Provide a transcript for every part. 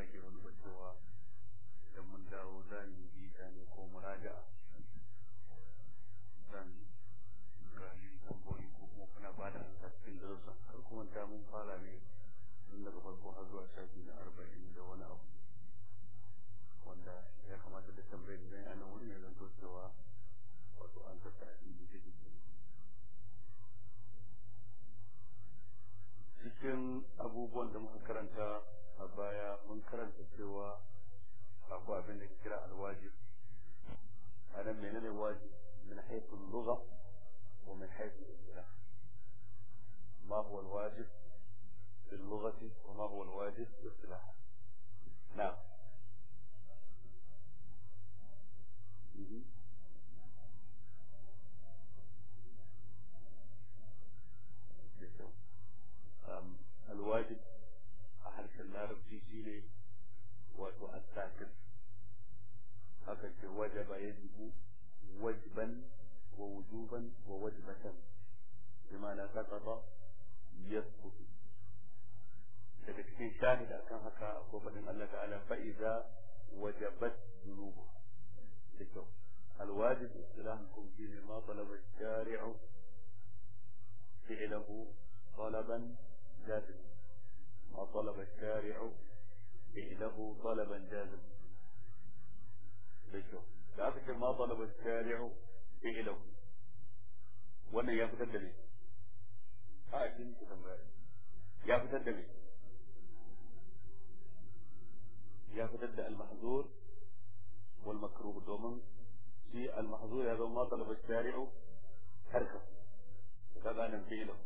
sake wani da cewa idan mun dawo za mu yi bita ne ko muraja zan rami tambayoyi ko kuma kuna ba da cikin darussa har kuma ta mun fara ne tun daga farko har zuwa shafi na arba'in da wani abu wanda ya kamata da tambayi da zai a nan wurin zan to cewa wato an tattara inda take cikin abubuwan da muka karanta a baya mun karanta cewa akwai abin da kira alwajib ana menene wajib min haythu lugha wa min haythu al-istilah ma huwa alwajib في اللغة وما هو الواجب في الاصطلاح wajibi ne wato at haka ce wajaba yajibu wajban wa wujuban wa wajbatan bimana sakata yasqutu daga cikin shahida kan haka ko fadin Allah ta'ala fa idza wajabat dhunubu da kyau الواجب اصطلاحا كمتين ما طلب الشارع فعله طلبا جازما ما طلب الشارع إهده طلبا جازما ليش لا تكن ما طلب الشارع إهده وانا يا فتدلي هاي كنت تنبغي يا فتدلي يا فتد المحظور والمكروه دوما في المحظور هذا ما طلب الشارع حركة هذا أنا نبيه له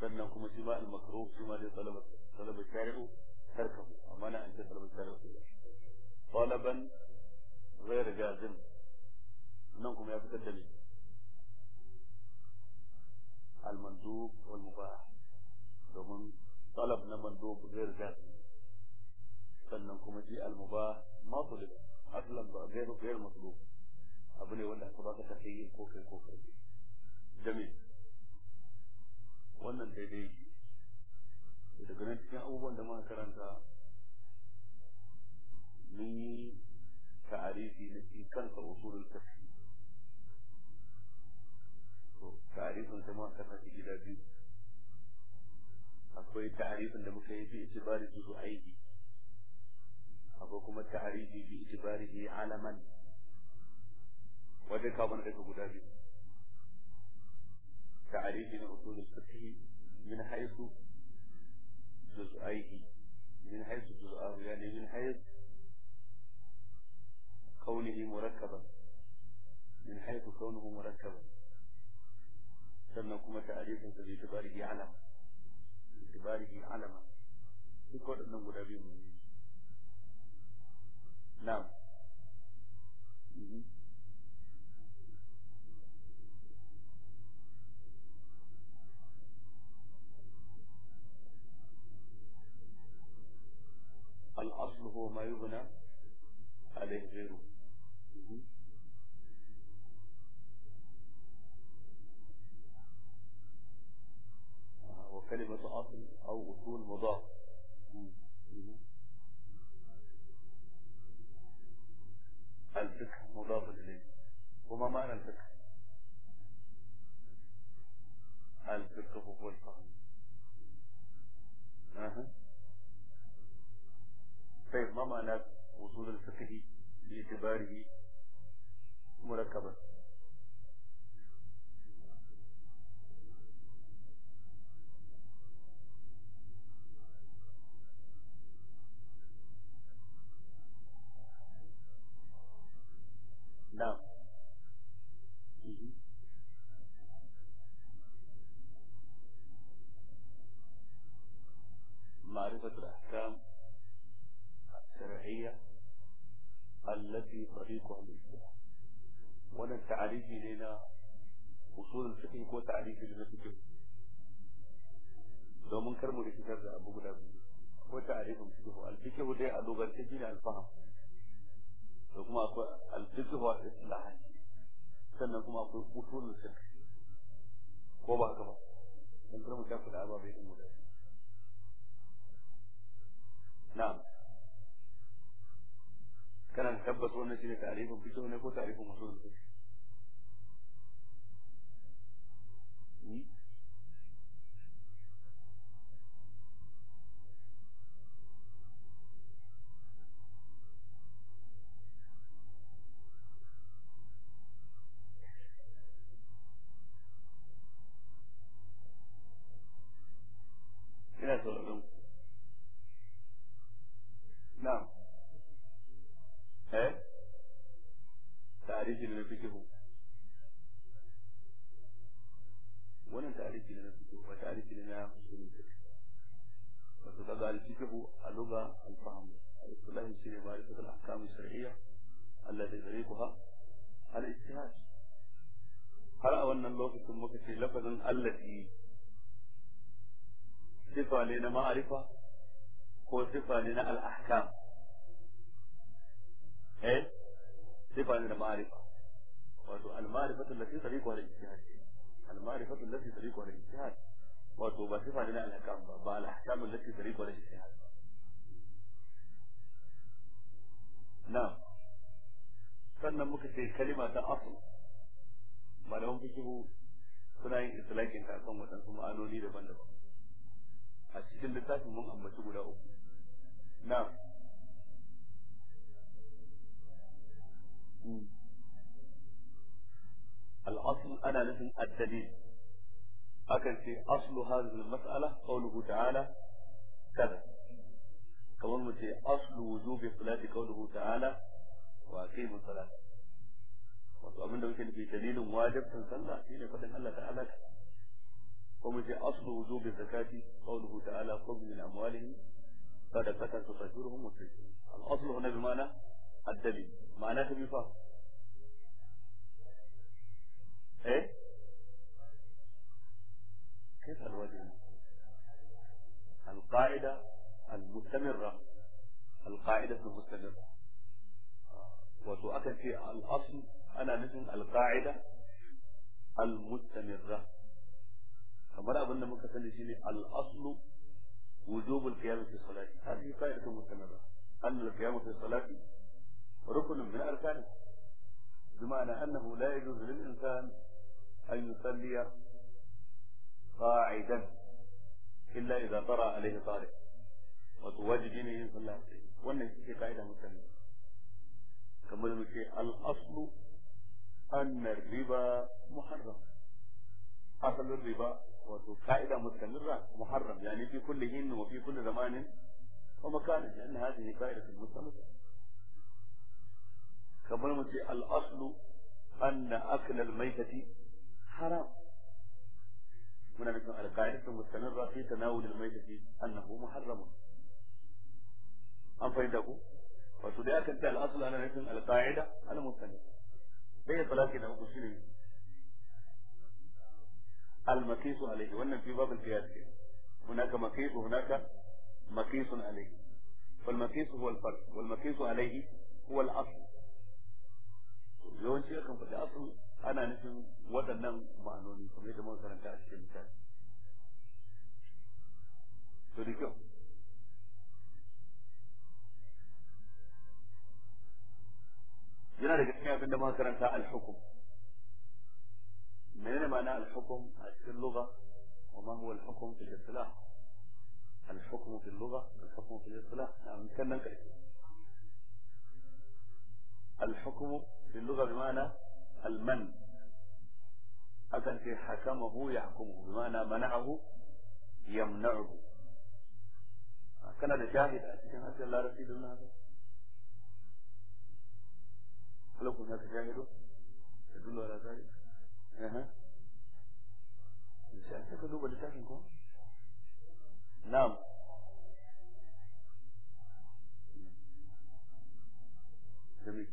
فإنكم شماء المكروه شماء طلب طلب الشارع تركه ومنع أن تسلم التركية طلبا غير جازم منكم يا فتدلي المندوب والمباح domin talab na mando zai gas sannan kuma ji almuba masu da aslan ba zai rufe yar masu abu ne wanda aka baka ta wannan daidai daga nan cikin abubuwan da muka karanta mun yi ta'arifi na cikin kansa usulul kafi to ta'arifin sa muka karanta shi gida biyu akwai ta'arifin da muka yi bi itibari su aiki akwai kuma ta'arifi bi itibari alaman wajen kawo daga guda biyu ta'arifi na usulul kafi min haisu جزئيه من حيث جزئه يعني من حيث sannan kuma ta'arifin sa bai tibarihi alama tibarihi alama duk waɗannan guda biyu ne na'am mhm. معرفة الأحكام الشرعية التي طريقها الاجتهاد وانا تعريفي لنا اصول الفقه هو تعريفي لنا فقه لو من كرمو الكتاب ده ابو غلاب هو تعريف الفقه الفقه هو ده اللغه تجي الفهم لو كما أقول الفقه هو الاصلاح سنة كما أقول usulul الفقه هو ba haka من dan الكتاب ta kula ba tabbas wannan shine ta'arifin fiqh ne ko ta'arifin usul allati sifa ne na ma'arifa ko sifa ne na al'ahkam eh sifa ne na ma'arifa wato al-ma'rifatu allati tariqu ala al-ijtihad al-ma'rifatu allati tariqu ala al-ijtihad wato ba sifa ne na al-ahkam ba ba al-ahkam allati tariqu ala al-ijtihad na'am sannan muka ce kalima ta asl malaman fikihu suna yin islakin ta kan waɗansu ma'anoni daban-daban a cikin littafin mun ambaci guda uku na الأصل أنا لكم الدليل أكن في أصل هذه المسألة قوله تعالى كذا كمان أصل وجوب صلاة قوله تعالى وأقيموا الصلاة wato abin da muke nufi dalilin wajibcin sallah shine fadin Allah ta'ala ko mu ce aslu wujubi zakati qawluhu ta'ala khudh min amwalihi sadaqatan tutahhiruhum wa tuzakkihim al-aslu huna bi ma'na ad-dalil ma'ana ta bi fa eh كيف الوجه القاعدة المستمرة القاعدة المستمرة وتؤكد في الأصل ana nufin alƙa'ida almustamirra kamar abin da muka sani shine al-aslu wujubul qiyam fi salati hadhihi qa'idatu mustamirra an al-qiyam fi salati rukunun min arkani بمعنى أنه لا يجوز للإنسان أن يصلي قاعدا إلا إذا طرأ عليه طارئ وتواجد يمين صلى الله عليه وسلم وأن هذه قاعدة مستمرة كما نقول الأصل أن الربا محرم أصل الربا وقاعدة مستمرة محرم يعني في كل حين وفي كل زمان ومكان لأن هذه قاعدة مستمرة كما الأصل أن أكل الميتة حرام هنا نقول القاعدة المستمرة في تناول الميتة أنه محرم أم تقول وتدعى كنت الأصل أن نحن القاعدة المستمرة ya talaki na uku shine al-makisu Alayhi, wannan fi babul qiyas ke hunaka makisu hunaka makisun alayhi wal makisu huwa al-farq wal makisu alayhi huwa al-asl yawanci akan faɗi asu ana nufin waɗannan ma'anoni kuma yadda mun karanta a cikin misali to da kyau yana daga cikin abin da muka karanta al-hukum menene ma'ana al-hukum a cikin lugha wa ma huwa al-hukum fil istilah al-hukum fil lugha al-hukum fil istilah na mutan nan kai al-hukum fil lugha bima'ana al-man akan ce hakamahu yahkumu bima'ana mana'ahu yamna'uhu kana da shahid a cikin harshen larabci don haka هل هناك شاهد يدل على ذلك؟ اها sai ka duba نعم جميل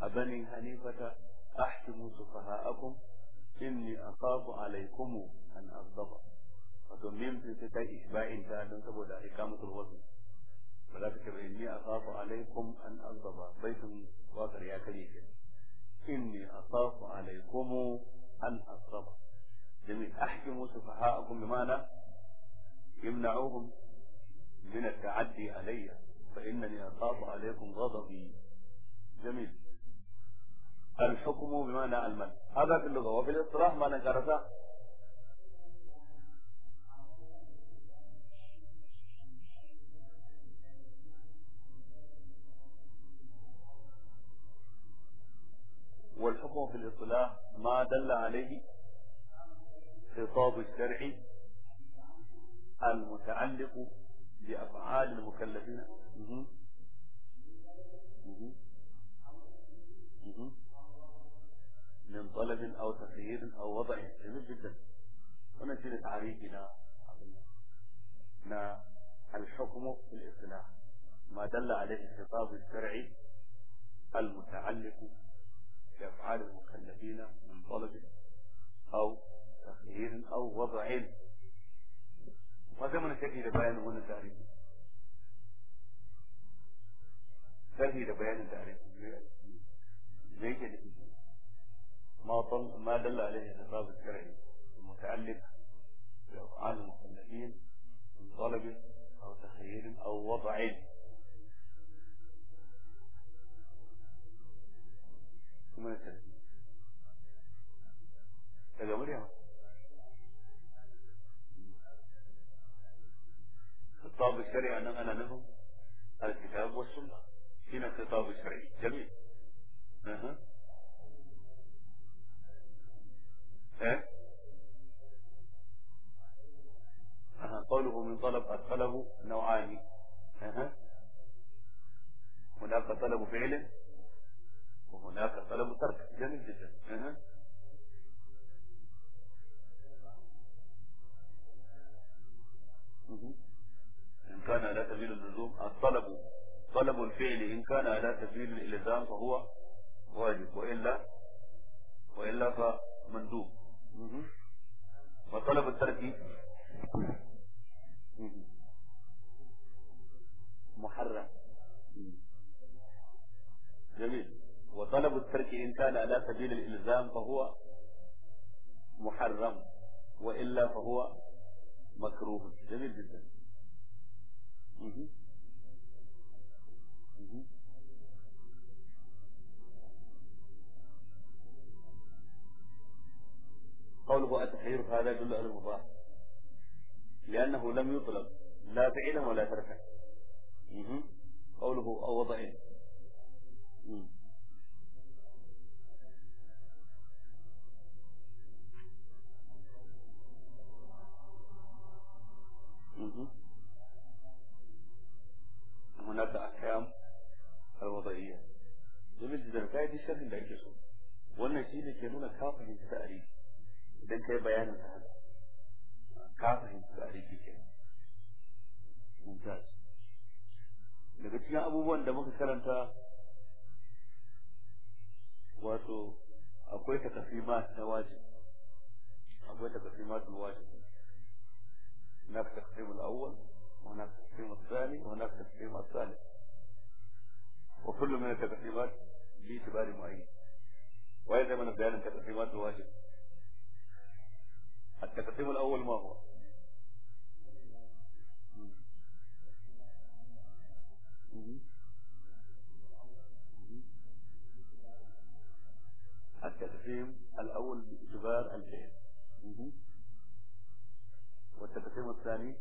أبني حنيفة أحكموا سفهاءكم إني أخاف عليكم أن أغضب وتميم في ستة إشباع إنسان سبب إقامة الوزن ولكن تكبر إني أخاف عليكم أن أغضب بيت واخر يا كريم إني أخاف عليكم أن أغضب جميل أحكموا سفهاءكم بمعنى يمنعوهم من التعدي علي فإنني أخاف عليكم غضبي جميل الحكم بمعنى المنع هذا في اللغة وفي الاصطلاح ما كرثة الحكم في الإصلاح ما دل عليه خطاب الشرع المتعلق بأفعال المكلفين من طلب أو تخيير أو وضع جميل جدا wannan shine tarihi الحكم في الإصلاح ما دل عليه الخطاب الشرعي المتعلق لأفعال المكلفين من طلب أو تخيير أو وضع وزمن تجي لبيان هنا تعريف تجي لبيان تعريف ليس ما طل ما دل عليه الخطاب الشرعي المتعلق بأفعال المكلفين من طلب أو تخيير أو وضع علم مثلا daga murya الخطاب الشرعي أنا أنا نهم الكتاب والسنة هنا الخطاب الشرعي جميل أه. أه. أه. قوله من طلب الطلب نوعان أه. هناك طلب فعله وهناك طلب ترك جميل جدا إن كان على سبيل اللزوم الطلب طلب الفعل إن كان على سبيل الإلزام فهو واجب وإلا كان على سبيل الإلزام فهو محرم وإلا فهو مكروه جميل جدا قوله التحرير هذا يدل على المباح لأنه لم يطلب لا فعلا ولا تركا قوله أو وضع ka fahimci ta'arifi idan ka yi bayanin sa haka ka fahimci ta'arifi ke mumtaz daga cikin abubuwan da muka karanta wato akwai takasimat na wajib akwai takasimat na wajib هناك تقسيم الأول وهناك التقسيم الثاني وهناك التقسيم الثالث وكل من التقسيمات باعتبار معين ويجب من بيان التقسيمات الواجب التقسيم الأول ما هو؟ التقسيم الأول باعتبار الفعل والتقسيم الثاني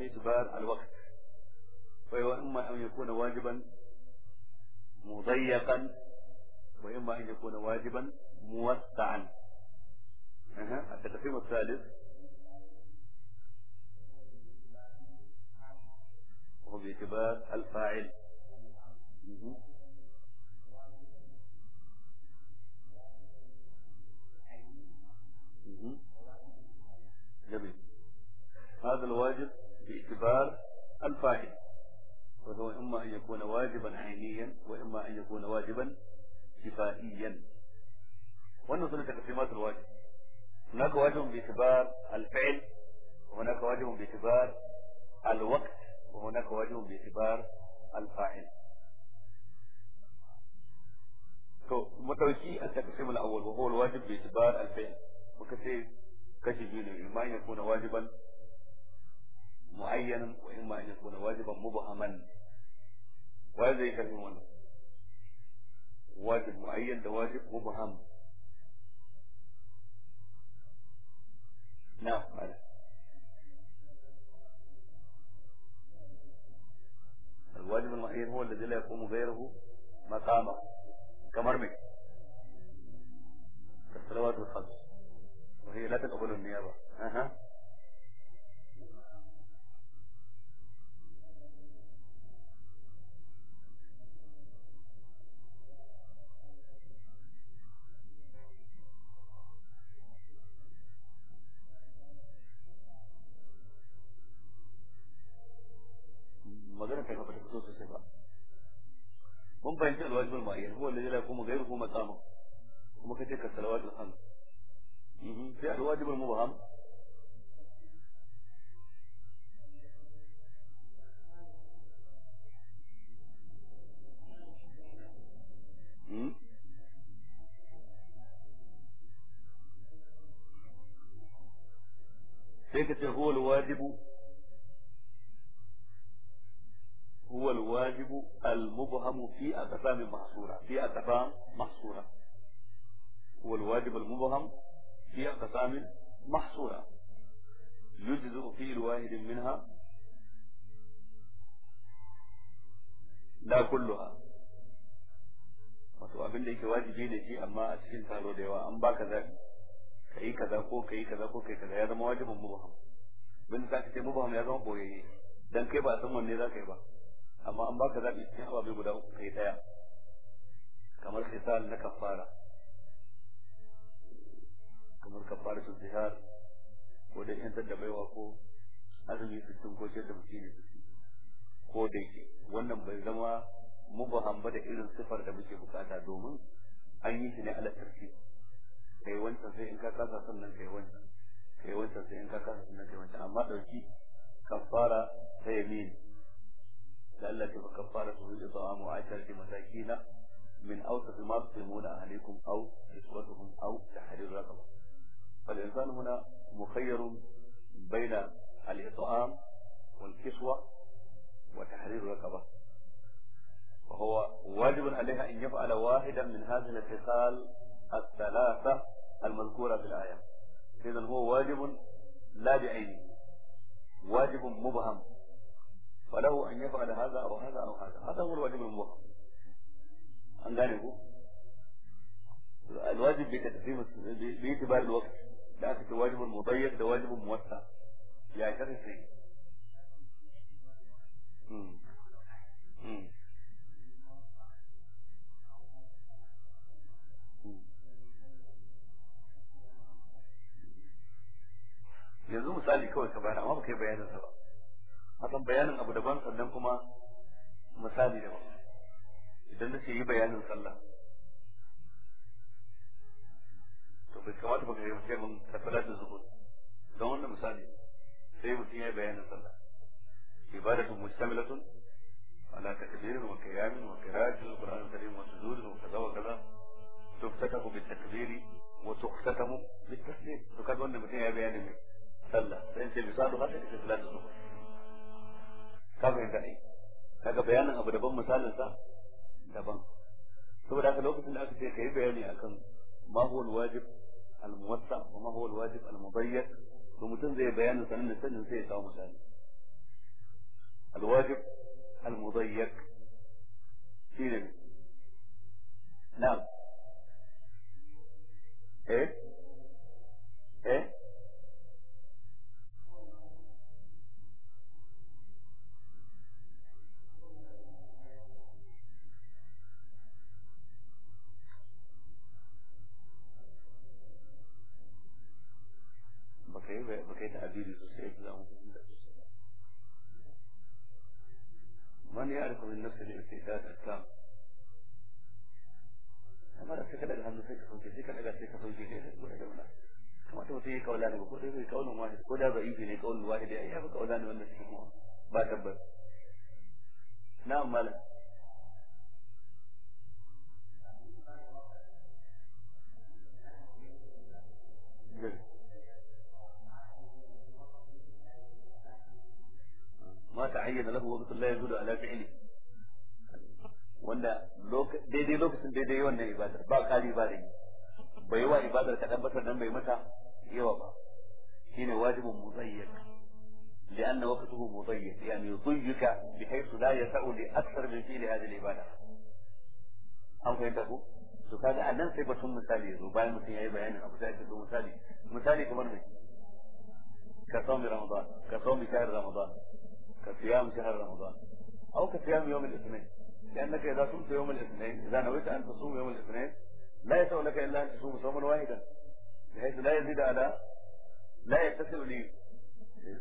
باعتبار الوقت وإما أن يكون واجبا مضيقا وإما أن يكون واجبا موسعا التقسيم الثالث هو باعتبار الفاعل جميل هذا الواجب باعتبار الفاعل وهو إما أن يكون واجبا عينيا وإما أن يكون واجبا كفائيا وأنه تقسيمات الواجب هناك واجب باعتبار الفعل وهناك واجب باعتبار الوقت وهناك واجب باعتبار الفاعل to التقسيم الأول وهو الواجب باعتبار الفعل وكثير ce kashi biyu ne معينا وإما أن يكون واجبا مبهما وهذا إيه يكلمون واجب معين ده واجب مبهم نعم الواجب المعين هو الذي لا يقوم غيره مقامه كمرمي كالصلوات والخمس وهي لا تقبل النيابة أها أقسام محصورة في أقسام محصورة والواجب المبهم في أقسام محصورة يجزئ فعل واحد منها لا كلها wato abin da yake wajibi ne shi amma a cikin taro da yawa an baka zaɓi ka yi kaza ko ka yi kaza ko ka yi kaza ya zama wajibin mubaham bin za ka ce mubaham ya zama boyayye dan kai ba san wanne za ka yi ba amma an baka zaɓi cikin ababe guda uku kai ɗaya kamar kisal na kafara kamar kafara su zihar ko da yantar da baiwa ko azumi sittin ko ce da miskini ko da yake wannan bai zama mubaham ba da irin sifar da muke bukata domin an yi shi ne ala tarki kai wancan sai in ka kasa sannan kai wancan kai wancan sai in ka kasa sannan kai wancan amma dauki kafara ta yamin قال لك فكفارته اطعام عشرة مساكين من اوسط ما تصومون اهليكم او كسوتهم او تحرير رقبه فالانسان هنا مخير بين الاطعام والكسوه وتحرير رقبه وهو واجب عليها ان يفعل واحدا من هذه الخصال الثلاثه المذكوره في الايه اذا هو واجب لا بعينه واجب مبهم فله ان يفعل هذا او هذا او هذا هذا هو الواجب الموقع عن ذلك الواجب بتقسيم باعتبار الوقت لكن الواجب واجب مضيق ده واجب موسع يعني كده شيء yanzu misali kawai ka bayar amma ba kai hakan bayanin abu daban sannan kuma misali daban idan nace yi bayanin sallah to bai kamata ba ka yi mun kafala da zuhur don wanda misali sai mutum ya yi bayanin sallah ibadatun mustamilatun على تكبير وقيام وقراءة القرآن da وسجود وكذا وكذا تفتتح بالتكبير da بالتسليم وكذا أن متين يا بيان صلى فإن مثال هذا في da الظهر ka fahimta ai kaga bayanin abu daban misalin sa daban saboda haka lokacin da aka ce kai bayani akan ma huwa alwajib almuwatta wa ma huwa alwajib almubayyan to mutum zai bayanin sanin da sanin sai ya kawo misali alwajib almudayyak shine na'am eh eh ala fi'li wanda daidai lokacin daidai wannan ibadar ba kari ba yi. bai wa ibadar kaɗan batar nan bai mata yawa ba shine wajibin muzayyak لأن وقته مضيق يعني يضيق بحيث لا li لأكثر min فعل هذه العبادة an fahimta ku? to kaga a nan sai batun misali yazo bayan mutum yayi bayanin abu sai ka zo misali misali kamar mai ka sawmi ramadan ka sawmi shahar ramadan ka siyam shahar ramadan أو كصيام يوم الاثنين لأنك إذا صمت يوم الاثنين إذا نويت أن تصوم يوم الاثنين لا يسوى لك إلا أن تصوم صوما واحدا بحيث لا يزيد على لا يتسع لي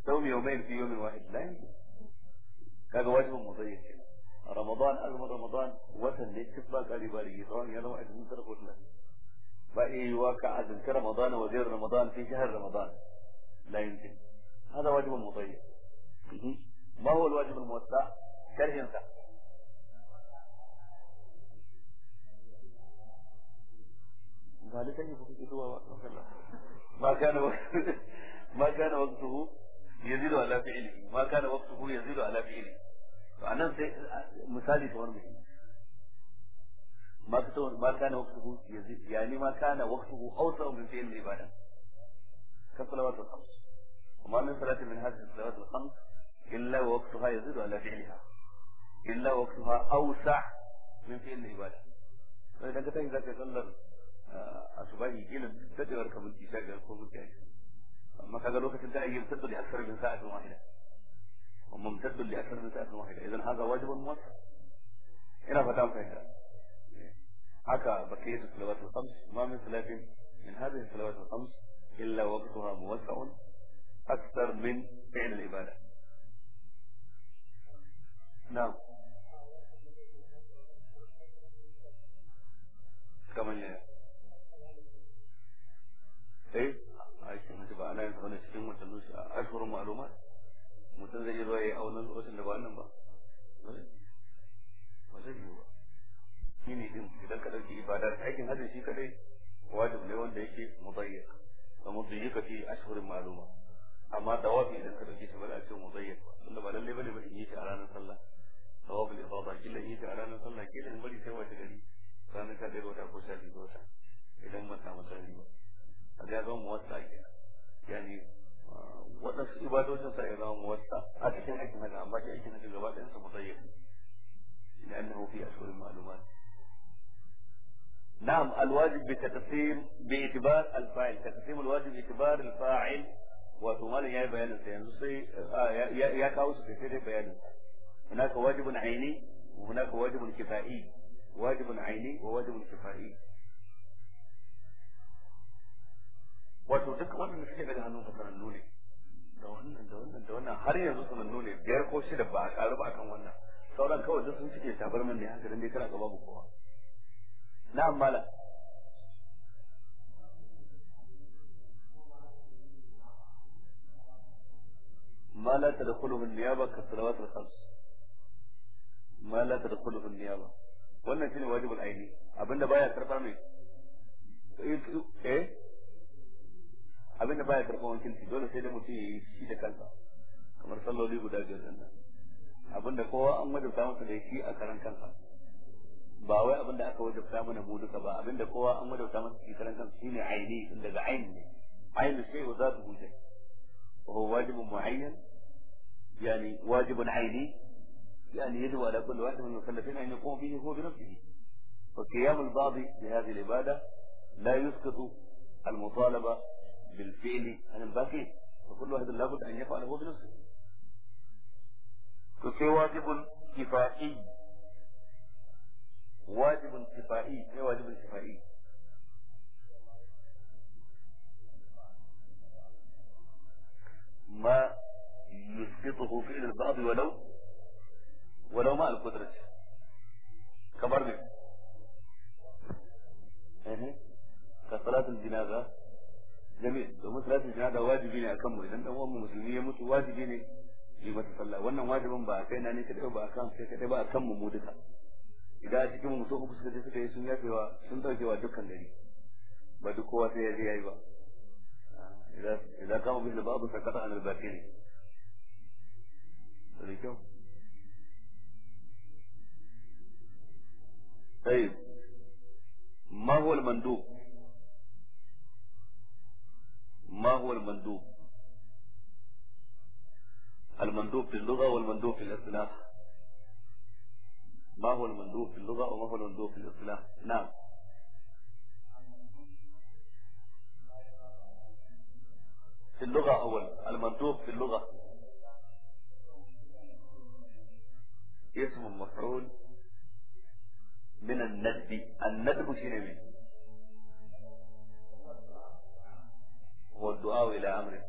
صوم يومين في يوم واحد لا يمكن هذا واجب مضيع رمضان أزم رمضان وسن لي كفلا قالي باري يسوان يلا واحد من سرق وثلا بأي واقع عزم كرمضان وزير رمضان في شهر رمضان لا يمكن هذا واجب مضيع ما هو الواجب الموسع sharhin sa ba da sani kuke zuwa ba ma kana ma kana waqtuhu yazidu ala fi'li ma kana waqtuhu yazidu ala fi'li to anan sai misali kamar mu ما كتب ما كان وقته يزيد يعني ما إلا وقتها أوسع من فعل العبادة فإذا كنت إذا za ka sallar asubahi kila dadewar ka minti sha biyar ko minti ashirin amma kaga lokacin da ayyukan tattalin لأكثر من ساعة واحدة إذا هذا واجب موسع إلى فتام فهذا حكى بقية الصلوات الخمس ما من صلاة من هذه الصلوات الخمس إلا وقتها موسع أكثر من فعل العبادة نعم cika manya eh a cikin mutu ba ana yin sa wani cikin watannin shi a ashirin maluma mutum zai yi zuwa ya yi aunan watan da ba nan ba ba zai yi ba shi ne din idan ka ɗauki ibada aikin hajji shi kaɗai, wajib ne wanda yake mudayyar kamar da yi kafi ashirin maluma amma tawafi idan ka dauke shi ba za a ce mudayyar tunda ba lallai bane ba in yi shi a ranar sallah tawafin ifada kila in yi shi a ranar sallah kila in bari sai wace gari ranar sha ɗaya wata ko sha biyu ga wata idan mun samu sarari ba a ya zama muwatta ke yani waɗansu ibadocin sa ya zama muwatta a cikin aikin hajji amma shi aikin hajji gaba ɗayan sa musayyar لأنه في أشهر المعلومات نعم الواجب بتقسيم باعتبار الفاعل تقسيم الواجب باعتبار الفاعل wato malam ya yi bayanin sa yanzu sai ya kawo su sai dai bayanin hunaka wajibun aini hunaka wajibun kifa'i واجب aini wa كفائي wato duk wannan suke daga hannun sanannu ne da wannan da wannan da wannan har yanzu sanannu ne biyar ko shida ba a karu ba akan wannan sauran kawai duk sun cike mun ne haka dan dai kana ga babu kowa na'am mala ما لا niyaba ka salawatul الخمس mala لا تدخله niyaba. wannan shine wajibul aini abinda baya karba mai eh abinda baya karba wakilci dole sai da mutum yayi shi da kansa kamar salloli guda biyar din nan abinda kowa an wajabta masa da shi a karan kansa ba wai abinda aka wajabta mana mu duka ba abinda kowa an wajabta masa shi karan kansa shine aini din daga aini ne aini sai wa zatu hujja wa huwa wajibun muayyan yani wajibun aini يعني يجب على كل واحد من المكلفين أن يقوم به هو بنفسه فقيام البعض بهذه العبادة لا يسقط المطالبة بالفعل عن الباقين فكل واحد لابد أن يفعل هو بنفسه ففي واجب كفائي واجب كفائي اي واجب كفائي ما يسقطه فعل البعض ولو walau ma al-qudrat kamar ne eh ka salatul jinaza jami'a domin salatul jinaza wajibi ne akan mu idan dan uwan musulmi ya mutu wajibi ne yi masa sallah wannan wajibin ba kai na ne kadai ba akan kai kadai ba akan mu mu duka idan a cikin mutum uku suka je suka yi sun yafewa sun daukewa dukkan gari ba duk kowa sai ya je yayi ba idan kama bin da babu sakata an albakiri da kyau طيب ما هو المندوب ما هو المندوب المندوب في اللغة والمندوب في الاصطلاح ما هو المندوب في اللغة وما هو المندوب في الاصطلاح نعم في اللغة أول المندوب في اللغة بوشين من والدعاء إلى أمره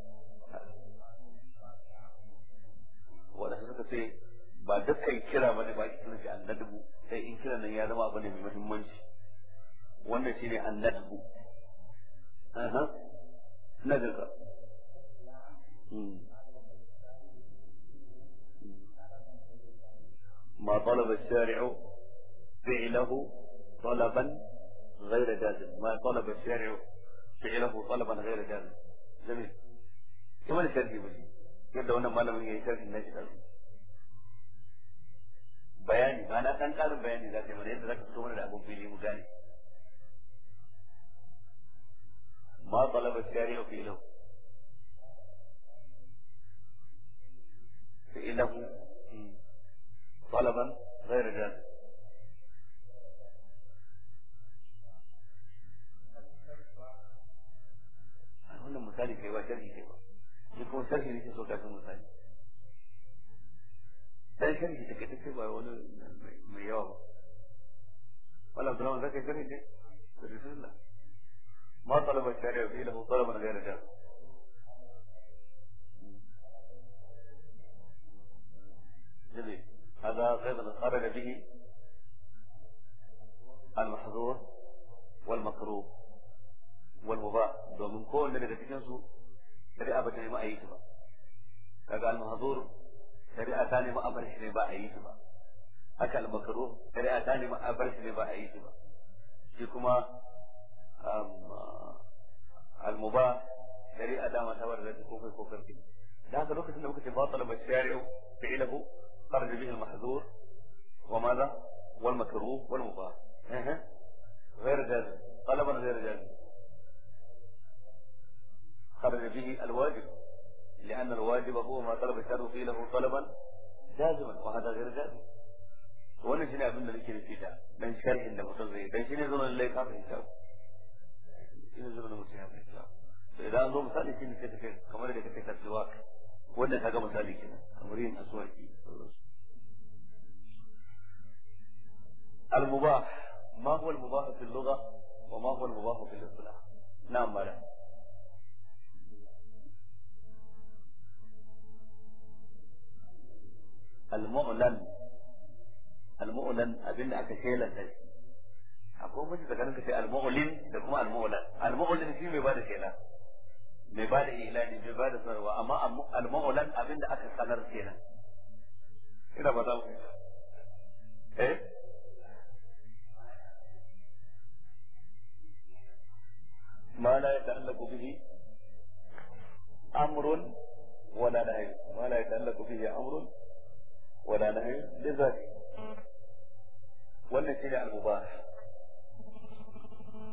ولا سنة سي بعد ذلك إنكرا من بعد كنا في الندبو سي إنكرا من يادم أبني من مهم منش وانا سيني الندبو أها ندقة ما طلب الشارع فعله طلبا غير جازم ما طلب الشارع فعله طلبا غير جازم جميل كما ya yi ma غير جازم هنا مثالي كيوا شرحي كيوا يكون شرحي ليس سوكا في مثالي بل شرحي تكتك سوى ولو ميوا ولا عبد الله ذاك شرحي لي رسول الله ما طلب الشارع فيه له طلبا غير جاز جميل هذا غير خرج به المحظور والمكروه wal muba domin kowanne daga cikin su shari'a ba ta nemi a yi ta ba kaga al mahzur shari'a ta nemi a bar shi ne ba a yi ta ba haka al makruh shari'a ta nemi a bar shi ne ba a yi ta ba shi kuma al muba shari'a dama ta bar da ko kai ko karfi da haka lokacin da muka ce batala mashari'u fi'ilahu خرج به المحذور وماذا والمكروه والمباح غير جازم طلبا غير جازم خرج به الواجب لأن الواجب هو ما طلب الشر فيه له طلبا جازما وهذا غير جازم ونشنا من ذكر الكتاب من شرح عند مصدره من شنو يظن اللي يقاطع الكتاب شنو يظن المتهم الكتاب فإذا أنظر مثالي كنت كتك كمرة كتك السواك وانا تاقى مثالي كنا أمرين أسواكي المباح ما هو المباح في اللغة وما هو المباح في الاصطلاح نعم بارك المؤلم المؤلم أبن أكشيلة تيس أقول مجد تكلم كسي المؤلم لكم المؤلم المؤلم في مبادة كيلا مبادة إعلاني مبادة سنوى أما المؤلم أبن أكشيلا تيس إذا ما دعوك إيه ما لا يتعلق به أمر ولا نهي ما لا يتعلق به أمر ولا نهي لذلك wannan shine al-mubah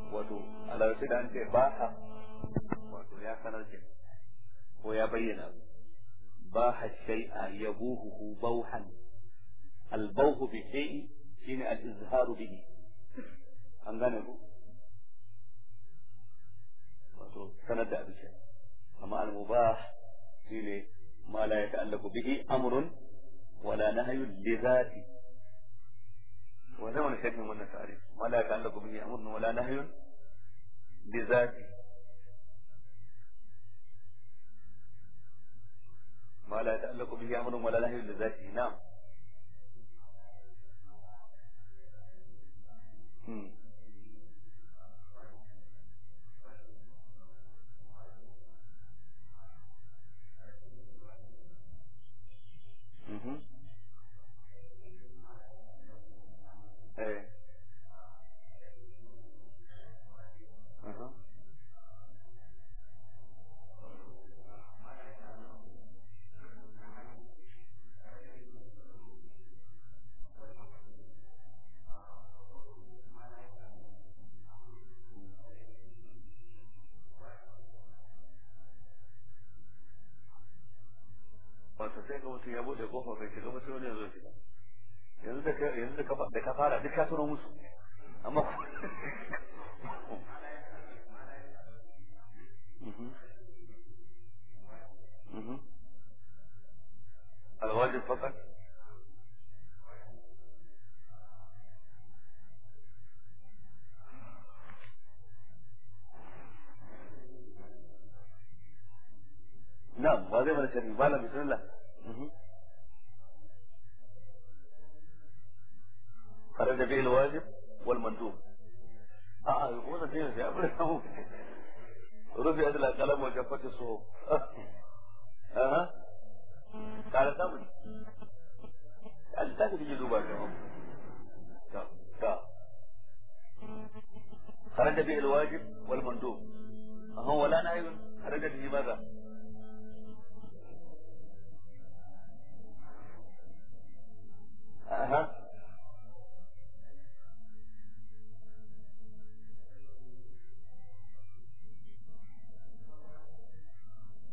wato alawati da an ce baha wato ya sanar ke ko ya bayyana baha shay'a yabuhu bawhan al-bawhu bi shay'i shine al-izharu bihi an gane ku wato sanar da abin amma al-mubah shine ma la yata'allaqu bihi amrun wala nahyu lidhati wa zama da shakkin wannan tare mala ka Allah kuma ya amurna wala nahyu lidhati mala ya ta'allaqu bihi amrun wala nahyu lidhati na'am hmm? الولد بسم الله خرج به الواجب والمندوب اه, آه، يقول دين في امر رفعت القلم وجفت الصحف اها قال تمر قال يجي دوبا بعدهم خرج به الواجب والمندوب هو لا نهي خرج به ماذا؟ ها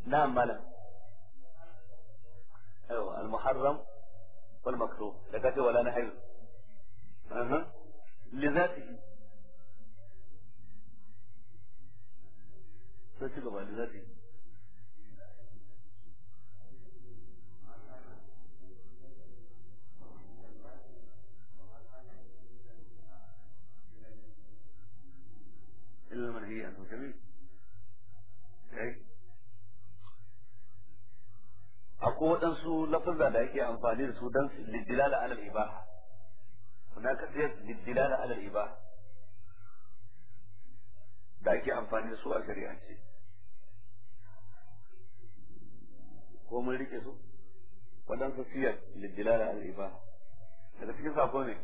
نعم مالا ايوه المحرم والمكروه لذاته ولا نحل أه. لذاته لذاته nuna mana niyya to sai akwai waɗansu lafazza da amfani da su don liddilala alal ibaha kuna ka sai liddilala alal ibaha da ake amfani da su a shari'ance ko mun rike su waɗansu siyar liddilala alal ibaha daga cikin sako ne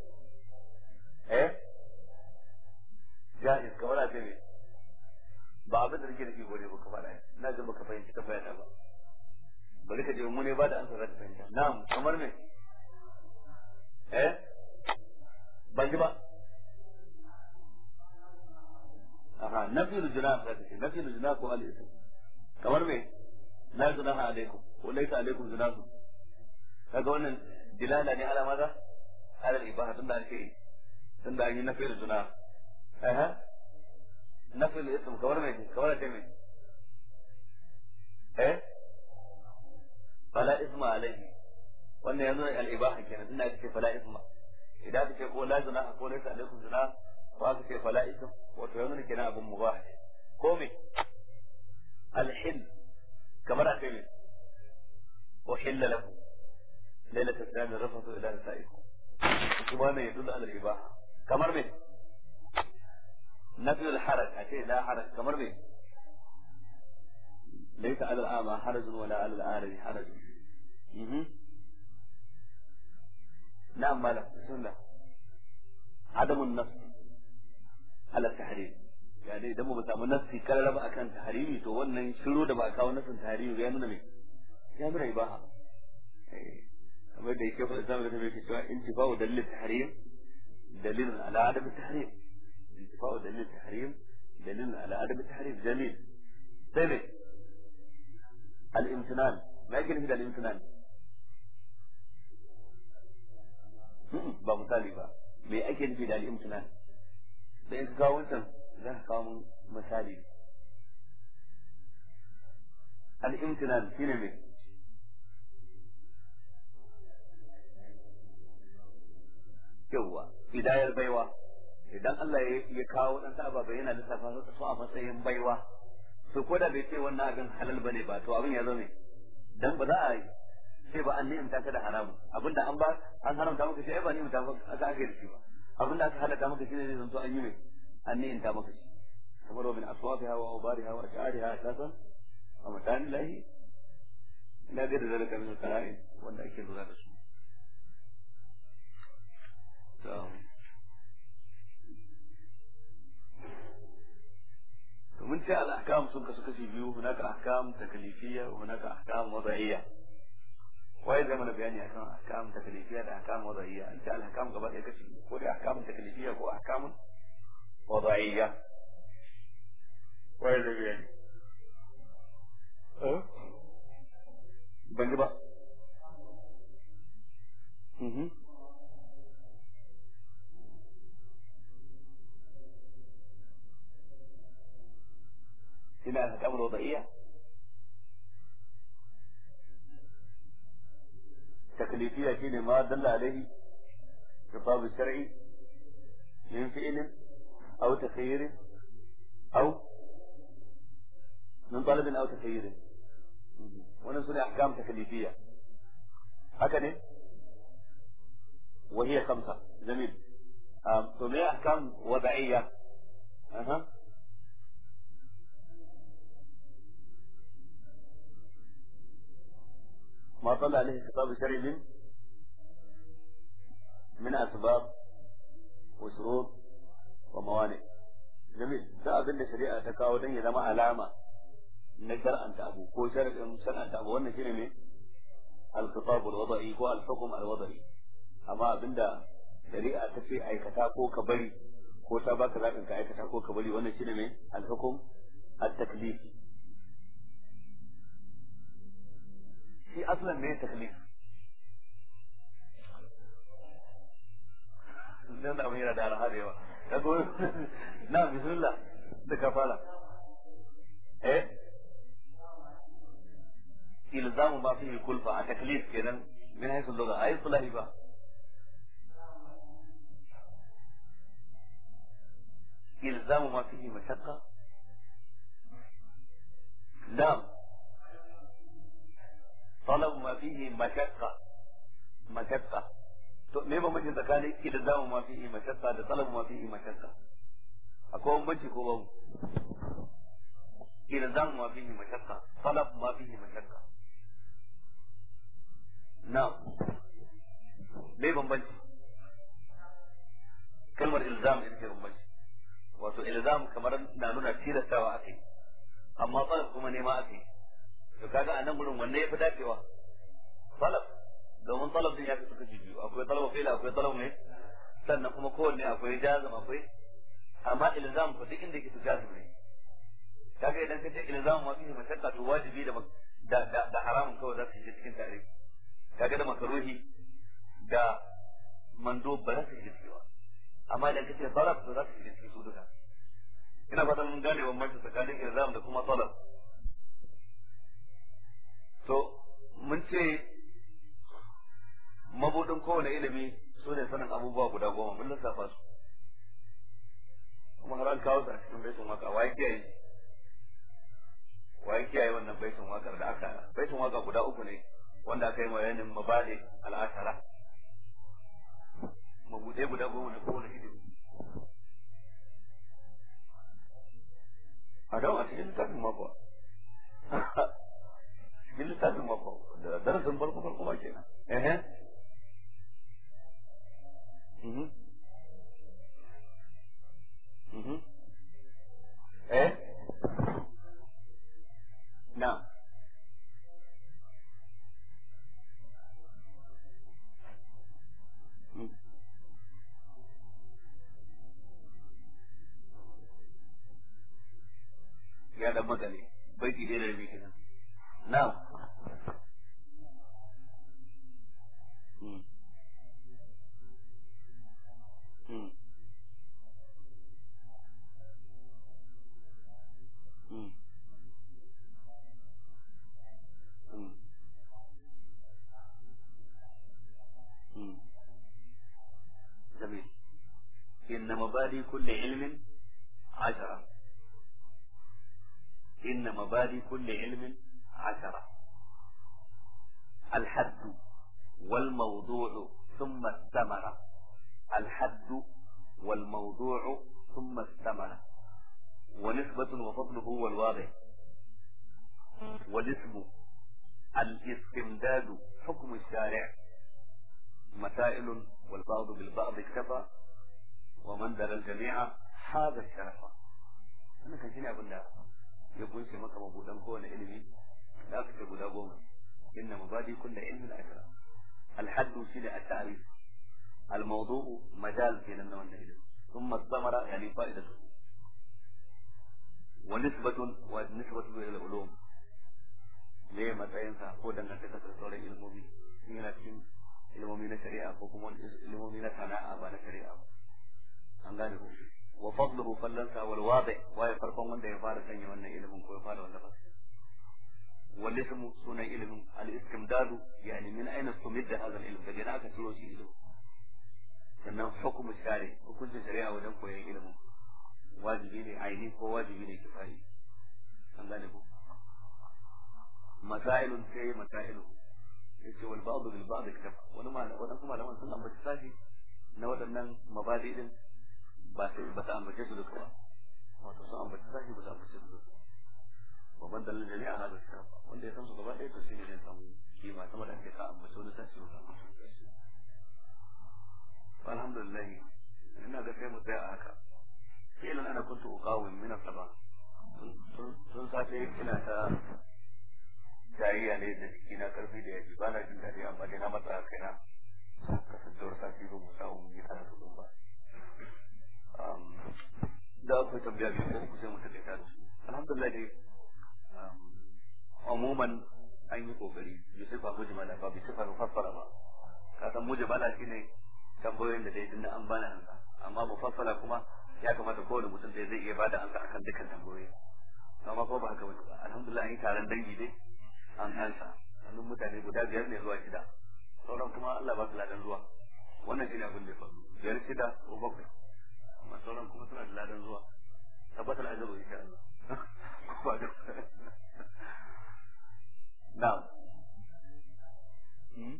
eh ja'iz kamar a ba abin da nake da shi gore ba kuma ai na ga baka fahimci ta bayana ba bari ka je mu ne ba da ansa za ta fahimta na'am kamar me eh ban ji ba aha nafi ba ka ce nafi lujuna ko alaikum kamar me la junaha alaikum ko laisa alaikum junahu kaga wannan dilala ne ala maza ala ibaha tunda an ce tunda an yi nafi lujuna aha nafil ism kamar mai kamar da mai eh fala alaihi wannan yanzu al ibaha kenan tunda ake fala isma idan aka ce ko la zina ko laysa alaikum zina ko aka ce fala ism wato yanzu ne kenan abun mubah ko me al hil kamar ake mai uhilla lakum lailatul thani rafasu ila nisaikum kuma ne yadullu ala al ibaha kamar me نفي الحرج أشيء لا حرج كمر به ليس على الأعمى حرج ولا على الآرج حرج نعم مالك سنة عدم النفس على التحريم يعني دمو بتعمل نفسي كلا لبا أكان تحريمي تو ون شلو دبا أكاو نفس تحريمي غير من أمي من أي باها إيه. أما دي كيف الإسلام قد تبقى انتباه دليل التحريم دليل على عدم التحريم انتفاء دليل التحريم دليل على عدم التحريم جميل ثالث الامتنان ما يمكن هذا الامتنان بابو طالبة ما يمكن هذا الامتنان بإن تقاوزن ذا قام مسالي الامتنان سينمي جوا بداية البيوه idan Allah ya kawo waɗansu ababai yana lissafa su a matsayin baiwa to ko da bai ce wannan abin halal bane ba to abin ya zo ne dan ba za a yi sai ba an ta ka da haramu abinda an ba an haramta maka shi ai ba ni'imta ka aka da shi ba abinda aka halatta maka shi ne zai zanto an yi ne an ta maka shi kamar wa min aswafiha wa ubariha wa ash'ariha kaza wa matani lahi ila gaida zalika min al wanda ake lura da su ومن شأن الأحكام سنك سنك سيبيو هناك أحكام تكليفية وهناك أحكام وضعية وإذا لم نبياني أحكام, أحكام تكليفية أحكام وضعية إن شاء الأحكام قبل يكسي كل أحكام تكليفية هو أحكام وضعية وإذا بياني أه بنجبا أه. بما في الأمر الوضعية تكليفية شيء ما دل عليه الخطاب الشرعي من فعل أو تخيير أو من طلب أو تخيير ونفس أحكام تكليفية هكذا وهي خمسة جميل أم. آه، ثم أحكام وضعية أها ما طلع عليه خطاب شرعي من من أسباب وشروط وموانع جميل ده abin da shari'a ta kawo dan ya zama alama na shar'anta abu ko shar'in shar'anta abu wannan shine ne al-khitab ko al-hukm al-wada'i amma abinda ta ce aikata ko ka bari ko ta baka zaɓin ka aikata ko ka bari wannan shine ne al-hukm في اصلا ما هي تغليف نعم، لن هذه تقول نعم بسم الله تكفالة ايه الزام ما فيه الكلفة تكليف كده من حيث اللغة اي صلاحي بقى الزام ما فيه مشقة نعم talab ma fihi mashaqqa mashaqqa to me bambanci tsakanin zamu ma fihi mashaqqa da talab ma fihi mashaqqa akwai bambanci ko babu zamu ma fihi mashaqqa talab ma fihi mashaqqa na me bambanci kalmar ilzam ita ce bambanci wato ilzam kamar na nuna tilastawa kai amma talab kuma nema kai to kaga a nan gurin wanne ya fi dacewa talab domin talab din ya fi suka biyu akwai talab fi'la akwai talab ne sannan kuma kowanne akwai jazama akwai amma ilzam fa duk inda yake jazam ne kaga idan kace ilzam ma fi mashaqqa to wajibi da da da haramun kawai za su yi cikin tare kaga da makaruhi da mando ba za su yi cikin amma idan kace talab to za su yi cikin su duka ina fatan mun gane wannan tsakanin ilzam da kuma talab to mun ce mabudin kowane ilimi su ne sanin abubuwa guda goma mun lissafa su kuma har an kawo su a cikin baitin waka wa ya kiyaye wa ya kiyaye wannan baitin wakar da aka baitin waka guda uku ne wanda aka yi yanin mabade al'ashara mabudai guda goma na kowane ilimi a don a cikin tafi makwa cikin littafin farko da darasin farko farko ba kenan eh eh na mhm. ya bai ki kenan na'am كل علم عشرة إن مبادئ كل علم عشرة الحد والموضوع ثم الثمرة الحد والموضوع ثم الثمرة ونسبة وفضله هو الواضح والاسم الاستمداد حكم الشارع مسائل والبعض بالبعض اكتفى ومن دل الجميع هذا الشرف أنا كنت هنا أقول لك يقول في مكة مبودا كون علمي لا تكتبوا ذا قوم إن مبادئ كل علم الأجر الحد سلع التعريف الموضوع مجال في النوع النهي ثم الثمرة يعني فائدة ونسبة ونسبة إلى العلوم ليه ما تنسى قد أن تكتب صورة علم من أجل علم من الشريعة وكم علم من صنعة وعلى الشريعة an gane ku wa fadluhu fallansa wal wadi waye farkon wanda ya fara sanya wannan ilimin ko ya fara wannan fasara wal ismu sunan ilimin al istimdadu yani min aina sumidda hadha al ilm daga aka turo shi ilimin sannan hukumu shari hukuncin shari'a wajen koyon ilimin wajibi ne aini ko wajibi ne kifayi an gane ku masailun sai masailu yace wal ba'd bil ba'd kafa wani ma wani kuma malaman sun ambaci sashi na waɗannan mabadi din ba sai ba ta ambace su duka ba wato sun ambace sashi ba ta ambace su duka babban dalilin jami'a na gaskiya wanda ya san su gaba ɗaya to shi ne ya samu kima sama da ake ka ambace wani sashi ba ta ambace su ba alhamdulillah ina ga sai mu tsaya a haka filan ana kuntu uqawin min as-sabah sun safe ina ta jariya ne da jiki na karfi da yaji ba na jin daɗi amma dai na matsa kaina kasancewar sati ba mu samu gida da su da aka tambaya biyu ko ku sai mu take ta alhamdulillah dai um, umuman an yi kokari bi sifa da ba bi sifa mufassara ba ka san lafi shine tambayoyin da dai dinna an bana ansa amma mufassara kuma ya kamata kowane mutum zai iya bada ansa akan dukkan tambayoyi amma ko ba haka ba alhamdulillah an yi taron dangi dai an ansa hannun mutane guda biyar ne zuwa shida sauran kuma Allah ba su ladan zuwa wannan shine abin da ya faru biyar shida ko bakwai amma sauran kuma suna da ladan zuwa tabbatar zuwa insha Allah da na hmm?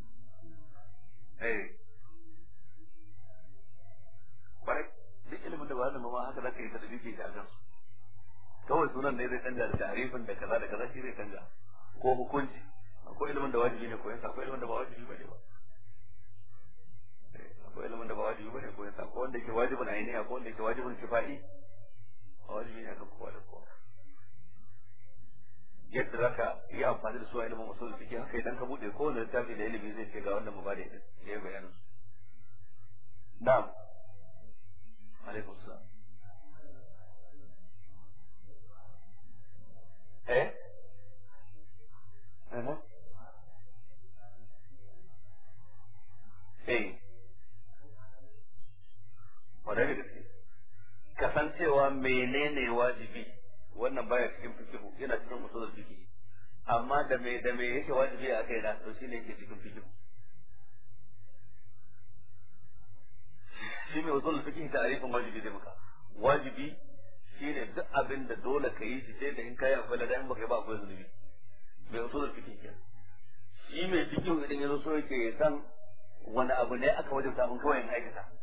eh bare duk ilimin da ba da ma haka zaka yi ta dubi da ajaru kawai sunan ne zai canja da tarifin da kaza da kaza shi zai canja ko hukunci akwai ilimin da wajibi ne koyan akwai ilimin da ba wajibi ba ne ba akwai ilimin da ba wajibi bane ko yasa ko wanda yake wajibin aini ko wanda yake wajibin kifa'i a wajibi ne ga kowa da kowa yadda za ka yi amfani da su a ilimin usul suke haka idan ka bude wanda littafi da ilimi zai ce ga wanda mu bada da ya bayyana su na'am alaikum salam eh eh eh kwarai da gaske kasancewa menene wajibi wannan baya cikin fikihu yana cikin usulul fikihi amma da me da me yake wajibi a kai da to shine yake cikin fikihu shi ne usulul fikihi ta'rifin wajibi da muka wajibi shine duk abin da dole ka yi shi sai da in kai akwai da in baka yi ba akwai zunubi me usulul fikihi kenan shi me fikihu idan ya so yake san wani abu ne aka wajen sabon kawai in aikata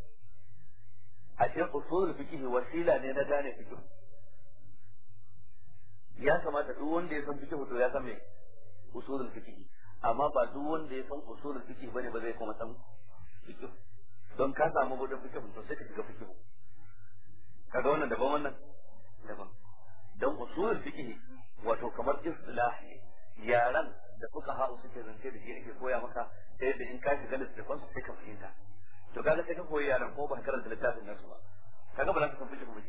a usulul fiqh wasila ne na gane fiqh ya kamata duk wanda ya san fiqh to ya san me usulul fiqh amma ba duk wanda ya san usulul fiqh bane ba zai kuma san fiqh don ka samu gudun fiqh to sai ka shiga fiqh kaga wannan daban wannan daban don usulul fiqh wato kamar istilah yaran da fuka ha'u suke zance da shi ne koya maka sai da in ka shiga su sai ka fahimta to kaga sai ka koyi yaran ko ba karanta littafin nan ba kaga ba za ka san fiqh ba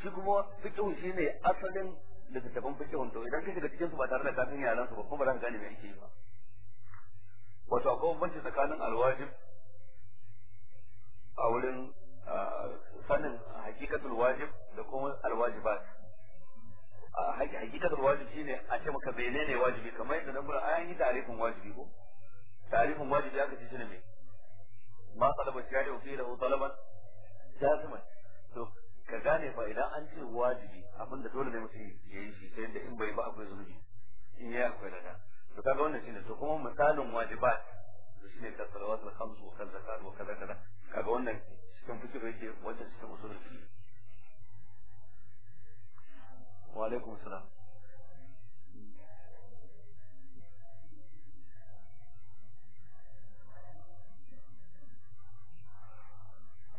shi kuma fiqh shine asalin ban fiqh wanda idan ka shiga cikin su ba tare da ka san yaran su ba kuma ba za ka gane me yake yi ba wato akwai bambanci tsakanin alwajib a wurin sanin hakikatul wajib da kuma alwajibat hakikatul wajib shine a ce maka menene wajibi kamar yadda nan gurin an yi tarifin wajibi ko tarifin wajibi aka ce shine me ma talaba shari'u fi lahu talaban jaziman to ka gane fa idan an ce wajibi abin da dole ne mutum ya yi shi sai da in bai ba akwai zunubi in ya akwai lada to kaga wannan shine to kuma misalin wajibat to shine ka salawatul khams wa kaza kaza wa kaza kaza kaga wannan cikin fikiru yake wannan cikin usulul fiqh wa alaikum salam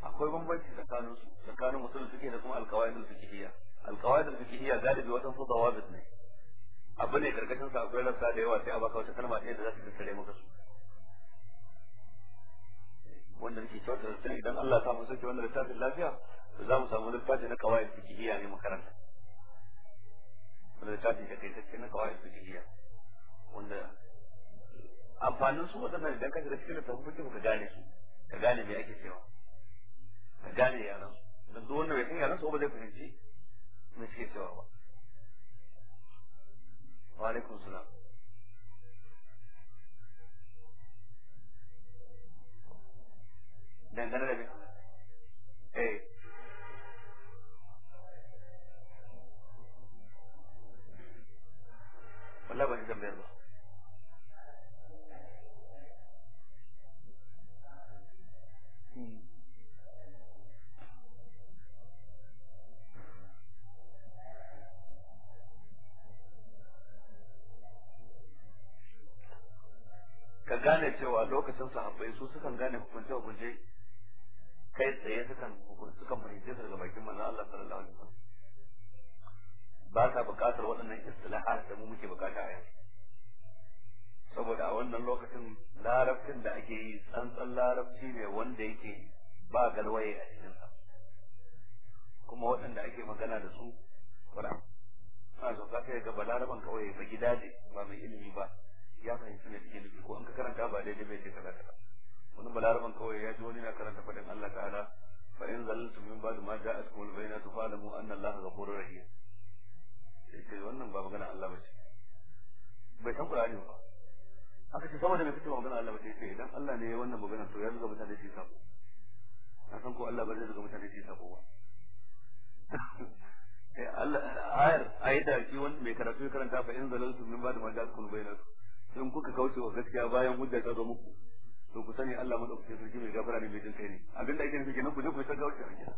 akwai bambanci tsakanin su tsakanin mutum suke da kuma alkawaidul fiqhiyya alkawaidul fiqhiyya galibi wata su dawabit ne abu ne karkashin sa akwai rassa da yawa sai a baka wata kalma ɗaya da za ta tattare maka su wanda nake kyautar da idan Allah ta samu sauke wannan littafin lafiya za mu samu littafi na kawai fiqhiyya ne makaranta wanda littafi da kai take na kawai fiqhiyya wanda amfanin su wadannan idan ka shiga cikin littafin fiqh ka gane su ka gane me ake cewa ka gane yaran don duk wanda bai san yaran su ba zai fahimci suke cewa ba wa alaikum salam dangane da eh wallahi ba gane cewa lokacin sahabbai su sukan gane hukunce hukunce kai tsaye sukan sukan fahimce su daga bakin manzon Allah sallallahu alaihi wasallam ba ka buƙatar waɗannan istilahat da mu muke buƙata a yanzu saboda a wannan lokacin larabcin da ake yi tsantsan larabci ne wanda yake ba galwaye a cikinsa kuma waɗanda ake magana da su kuna ana so ka kai gaba laraban kawai ba gida ne ba mai ilimi ba ya fahimci ne cikin ko an ka karanta ba daidai bai ce kaza kaza wani balaraban kawai ya ji wani na karanta fadin Allah ta'ala fa in zalaltum min ba'd ma ja'at al-bayyinatu fa'lamu anna Allah ghafurur rahim sai wannan ba magana Allah ba ce bai san Qur'ani ba aka ce saboda mai kace magana Allah ba ce sai idan Allah ne ya wannan magana to ya zuga mutane shi sako na san ko Allah ba zai zuga mutane shi sako ba eh, ayar ayar da shi wanda mai karatu ya karanta fa in zalaltum min ba'd ma ja'at al-bayyinatu in kuka kauce wa gaskiya bayan hujja ta zo muku to ku sani Allah madaukakin sarki mai gafara ne mai jin kai ne abinda ake nufi kenan ku je ku ta kauce wa kenan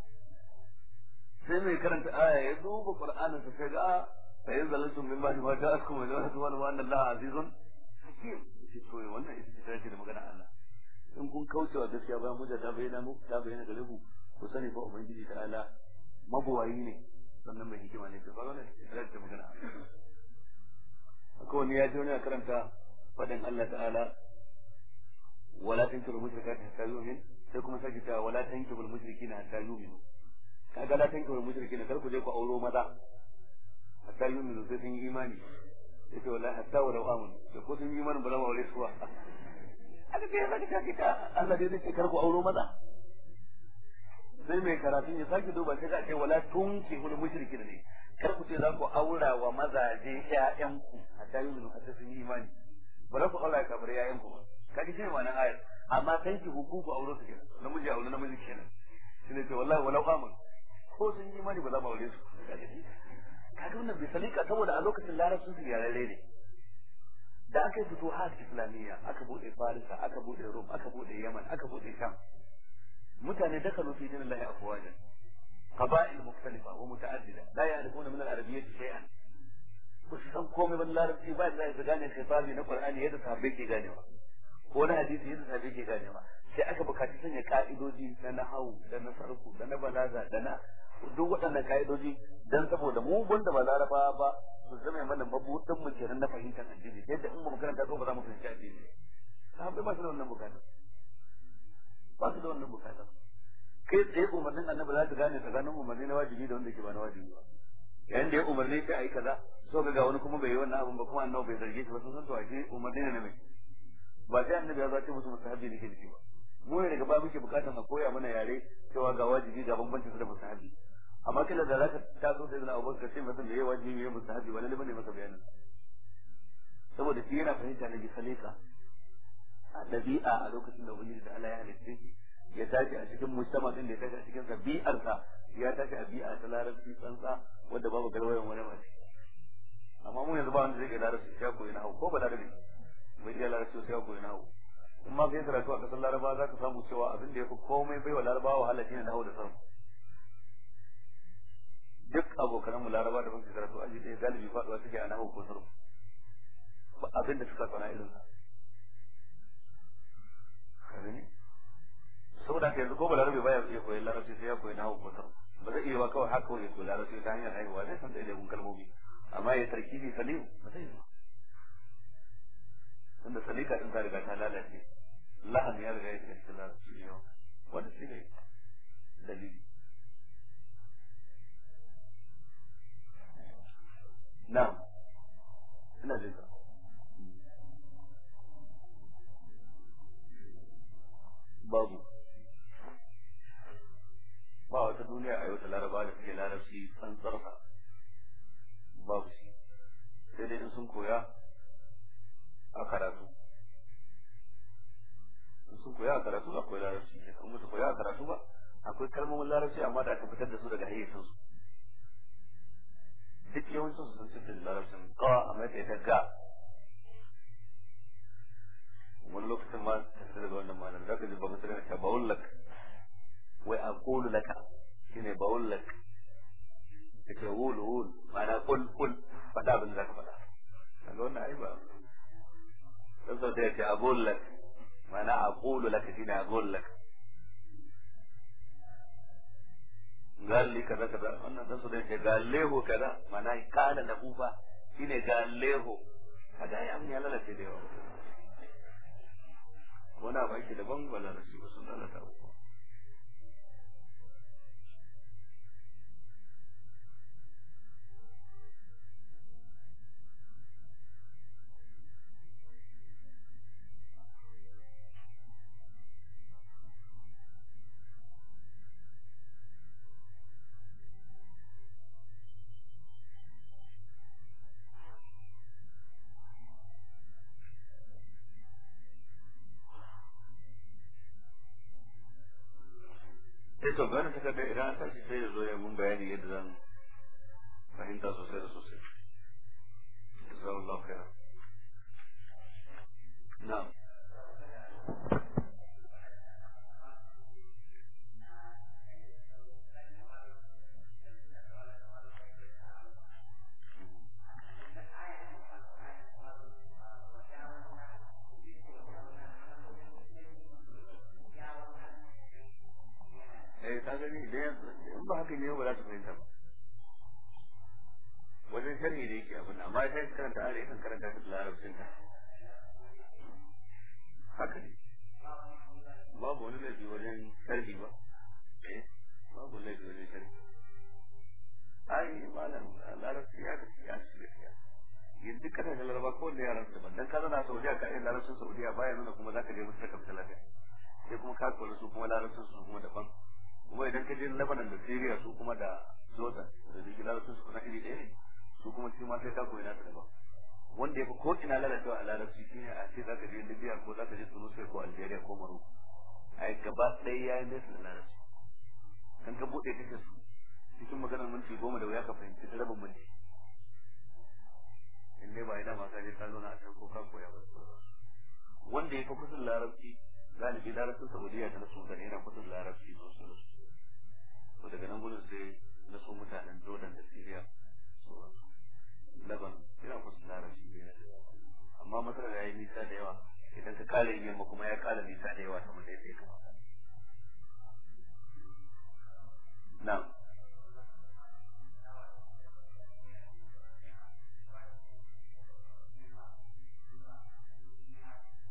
sai mai karanta aya ya duba qur'anin sa sai ga fa in zalantum min ba'di ma ja'akum wa ja'akum wa anna Allah azizun hakim shi to wannan ita ce da magana Allah in kun kauce wa gaskiya bayan hujja ta bayyana muku ta bayyana gare ku ku sani fa ubangiji ta'ala mabuwayi ne sannan mai hikima ne ta fara ne ita ce magana akwai wani ya ji wani ya karanta fadin Allah ta'ala wala tankibul mushrikati hatta yu'min sai kuma sai ta wala tankibul mushrikina hatta yu'min kaga la tankibul mushrikina kar ku je ku auro maza hatta yu'min sai sun yi imani sai ce wala hatta wala amun da ko sun yi imani ba za mu aure su ba aka ce zaka kake ta Allah dai zai ce kar ku auro maza sai mai karatun ya sake duba sai ka ce wala tunkihul mushrikin ne kar ku ce za ku aura wa mazaje ƴaƴanku hatta yu'min hatta sun yi imani ba za ku aura kamar yayan ku ba kaji shine wannan ayar amma san ki hukuku aure su kenan namiji aure namiji kenan ne ce wallahi walau amun ko sun yi mani ba za mu aure su kaga wannan bai salika saboda a lokacin larabcin su yarare ne da aka yi futuhat islamiyya aka bude farisa aka bude rum aka bude yaman aka bude sham mutane dakalu fi dinillahi afwajan qaba'il mukhtalifa wa muta'addida la ya'rifuna min al-arabiyyati shay'an ba su san komai ba larabci ba da su gane fami na qur'ani yadda sahabbai ke ganewa ko na hadisi yadda sahabbai ke ganewa sai aka bukaci sanya ka'idoji na nahawu, da na sarku da na balaga da na duk waɗannan ka'idoji dan saboda mu wanda ba laraba ba su zama mana mabuɗin mu kenan na fahimtar addini yadda in ba mu karanta ko ba za mu fahimci addini sahabbai ba su da wannan bukata ba su da wannan bukata kai tsaye umarnin annabi za ta gane tsakanin umarni na wajibi da wanda ke ba na wajibi ba yayin da ya umarni sai yi kaza so ga wani kuma bai yi wannan abin ba kuma annabi bai zarge shi ba sun san to ashe umarni ne na mai ba sai annabi ya zace musu musahabi ne ke dace ba mu ne daga ba muke bukatar a koya mana yare cewa ga wajibi ga bambancin da musahabi amma kila da zaka taso sai da abubakar sai masa meye wajibi meye musahabi wala ne masa bayanin saboda shi yana fahimta na bi salika a dabi'a a lokacin da ubangiji da Allah ya halitta ya tashi a cikin mujtama din da ya tashi a cikin dabi'arsa ya tashi a biya ta larabci tsantsa wadda babu garwayan wani mace amma mu yanzu ba wanda zai iya larabci sai koyi na hau ko ba larabci bai iya larabci sai koyi na hau in ma kai karatu a kasar laraba za ka samu cewa abin da ya fi komai bai wa laraba wahala shine na hau da sarmu duk abokanan mu laraba da muke karatu aji ɗaya galibi faɗuwa suke a nahu ko sarmu ba abin da suka kwana irin saboda ka yanzu ko balarabe baya ya koyi larabci sai ya koyi nahu ko sarmu ba zai iya kawai haka wani da larabci ta hanyar haihuwa zai san kun kalmomi amma ya bi salihu ba zai ba tunda salika din ta riga ta lalace lahan ya riga ya shiga cikin larabci ne wanda shi ne dalili na'am ina jin ka babu ba wata duniya a yau ta laraba da suke larabci san tsarfa babu shi sai dai in sun koya a karatu in sun koya a karatu akwai larabci ne kuma su koya a karatu ba akwai kalmomin larabci amma da aka fitar da su daga hayyacin su duk yawancin su sun fitar da larabcin kawa a mai ta ga wani lokacin ma ta fitar da wannan malam za ka ji ba mutum ya ta bawullaka wai a kulu laka shine baul lak wulu wulu ba na kul kul faɗa abin da zaka faɗa kaga wannan ai ba dan sau da yake a laka, ma na a kulu laka shine a bol laka galli kaza kaza wannan dan sau da yake galleho kaza na kana lahu kufa shine galleho Kada ya mun ya lalace da yawa wani abu ake daban ba lalace ba sun lalata uku hankali ne ba za ta fahimta ba wajen sharhi da yake abin amma ya sai karanta ala yakan karanta su da larabcin ta haka ne babu wani laifi wajen sharhi ba eh babu laifi wajen sharhi ai malam larabci ya ya shi ya yanzu kana da laraba ko da yaran daban dan ka zana saudiya ka yi larabcin saudiya baya nuna kuma zaka je musu da kafta lafiya sai kuma ka kula su kuma larabcin su kuma daban kuma idan ka je Lebanon da Syria su kuma da Jordan da duk larabcin su kuma iri ɗaya ne su kuma shi ma sai ka koyi nasu daban wanda ya fi ko ina lalacewa a larabci shi ne a ce za ka je Libya ko za ka je Tunisia ko Algeria ko Morocco a yi gaba ɗaya ya yi nesa da larabci kan ka buɗe ta su cikin maganar minti goma da wuya ka fahimci da rabin minti in dai ba ina ma ka je ka zauna a can ko ka koya ba wanda ya fi kusan larabci galibi larabcin Saudiya da na Sudan yana kusan larabci sosai daga nan gudun sai na so mutanen jordan da syria so laban kusa ne amma matsalar ya yi nisa da yawa idan ka kare yamma kuma ya kare nisa da yawa kamar da ya kamata na'am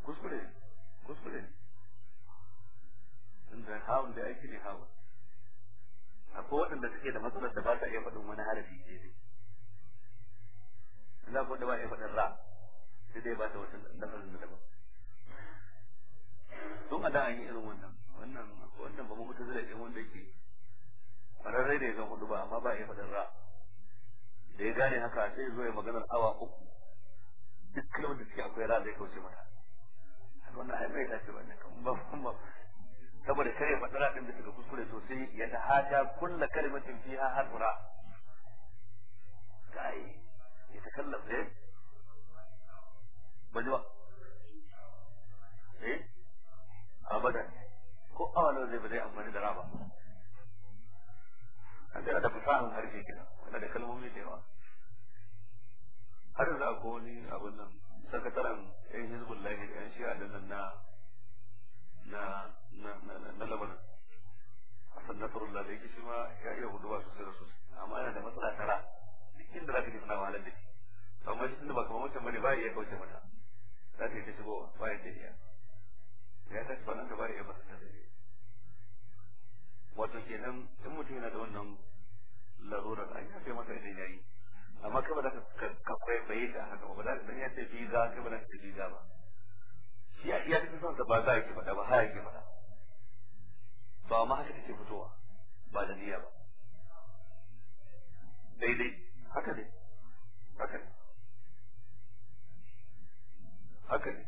kuskure kuskure inda da ake ko waɗanda suke da matsalar da ba sa iya faɗin wani harafi daidai za ku ba iya faɗin ra sai dai ba ta wata lafazin da daban tun a da an yi irin wannan wannan wannan ba mu mutu zai ɗin wanda yake ƙwararre da ya zan hudu ba amma ba iya faɗin ra da ya gane haka sai zo ya maganar awa uku duk kalmar da suke akwai ra zai kauce mata wannan ai bai tashi ba ne kan ba saboda kare matsala din da suka kuskure sosai ya ta hata kulla kalimatin fiha harfura kai ya ta kallam ne ba ba eh abadan ko awalo zai ba zai amfani da raba an da da fasahan harshe kina wanda da kalmomi da yawa har za akwai wani abin nan sakataren yan hizbullahi da yan shi'a da nan na na na na na labanan hasan nasarullah da yake shi ma ya iya ba sosai da sosai amma yana da matsala tara duk inda za ka ji suna da shi amma shi tunda ba kamar wancan bane ba ya iya kauce mata za ta yi ta shigo ba ya da iya ya ta ba nan da ba ya iya masa ta da wato kenan in mutum yana da wannan larurar an yafe masa idan ya yi amma kai ba za ka yi ta haka ba ba za ka ya ce fi za kai ba za ka ce fi za ba ya iya ta son ba za ki faɗa ba haya ki faɗa ba ma haka take fitowa ba da niyya ba daidai haka ne haka ne haka ne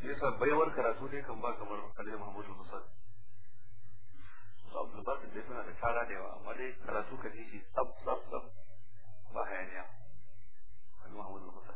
shi yasa baiwar karatu ne kan ba kamar alai mahmudu musal su abu da dai suna da tara da yawa amma dai karatu ka shi tsab tsab tsab ba hayaniya alai mahmudu musal